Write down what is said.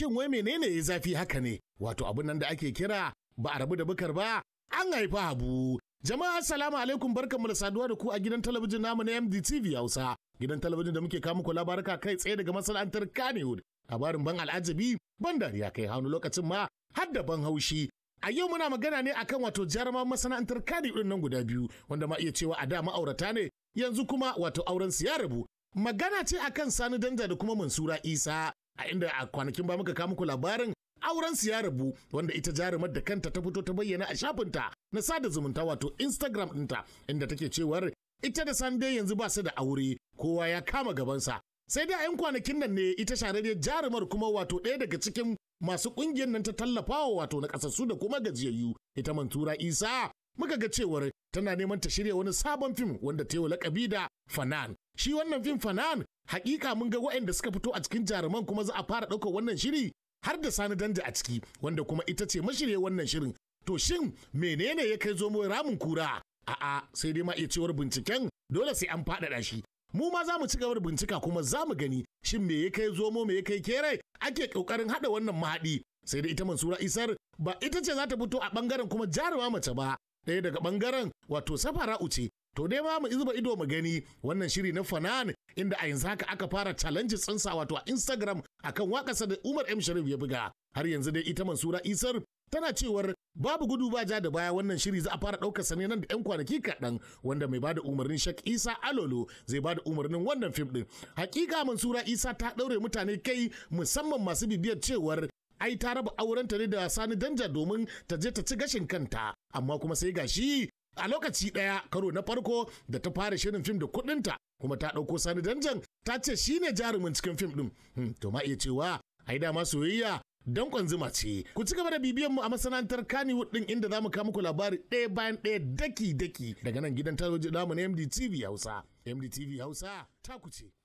shin wai menene ya zafi haka ne wato abin nan da ake kira ba a rabu da bukar ba an haifa habu jama'a assalamu alaikum barkanmu da saduwa da ku a gidan talabijin namu na MDTV Hausa gidan talabijin da muke kawo muku labaruka kai tsaye daga masana'antar kanewood, labarin ban al'ajabi ban dariya kai hannu lokacin ma har da ban haushi A yau muna magana ne akan wato jaruman masana'antar kadi nan guda biyu wanda ma iya cewa a da ma'aurata ne yanzu kuma wato auren su ya rabu. Magana ce akan Sani Danja da kuma Mansura Isa a inda a kwanakin ba muka ku labarin auren su ya rabu wanda ita jarumar da kanta ta fito ta bayyana a shafinta na sada zumunta wato Instagram ɗinta inda take cewar ita da sande yanzu ba su da aure kowa ya kama gabansa sai dai a 'yan kwanakin nan ne ita shahararriyar jarumar kuma wato ɗaya daga cikin masu ƙungiyar nan ta tallafawa wato na ƙasassu da kuma gajiyayyu ita mantura isa muka ga cewar tana neman ta shirya wani sabon fim wanda ta yi lakabi da fanan shi wannan fim fanan hakika mun ga waɗanda suka fito a cikin jaruman kuma za a fara ɗaukar wannan shiri har da sani danja a ciki wanda kuma ita ce mashirye wannan shirin to shin menene ya kai zo mu ramin kura a'a sai dai ma iya cewar binciken dole sai an faɗaɗa shi mu ma za mu ci gaba da bincika kuma za mu gani shin me ya kai zomo me ya kai kere ake kokarin haɗa wannan mahaɗi sai dai ita mansura isar ba ita ce za ta fito a bangaren kuma jaruma mace ba ɗaya daga bangaren wato safara uce To dai ma mu izba ido mu gani wannan shiri na Fanan inda a yanzu haka aka fara challenge tsinsa wato a Instagram akan wakarsa da Umar M Sharif ya buga. Har yanzu dai ita Mansura Isar tana cewar babu gudu ba ja da baya wannan shiri za a fara ɗaukar sa ne nan da 'yan kwanaki kaɗan wanda mai bada umarnin Shak Isa Alolo zai bada umarnin wannan fim ɗin. Hakika Mansura Isa ta ɗaure mutane kai musamman masu bibiyar cewar ai ta raba aurenta ne da Sani Danja domin ta je ta ci gashin kanta amma kuma sai gashi a lokaci ɗaya karo na farko da ta fara shirin fim da kuɗinta kuma ta ɗauko sani danjan ta ce shine jarumin cikin fim ɗin hmm, to ma iya cewa ai dama soyayya dan kwanzuma ce ku ci gaba da bibiyan mu a masana'antar Kannywood din inda zamu kawo muku labari ɗaya bayan ɗaya daki daki daga nan gidan talabijin namu na MDTV Hausa MDTV Hausa ta ku ce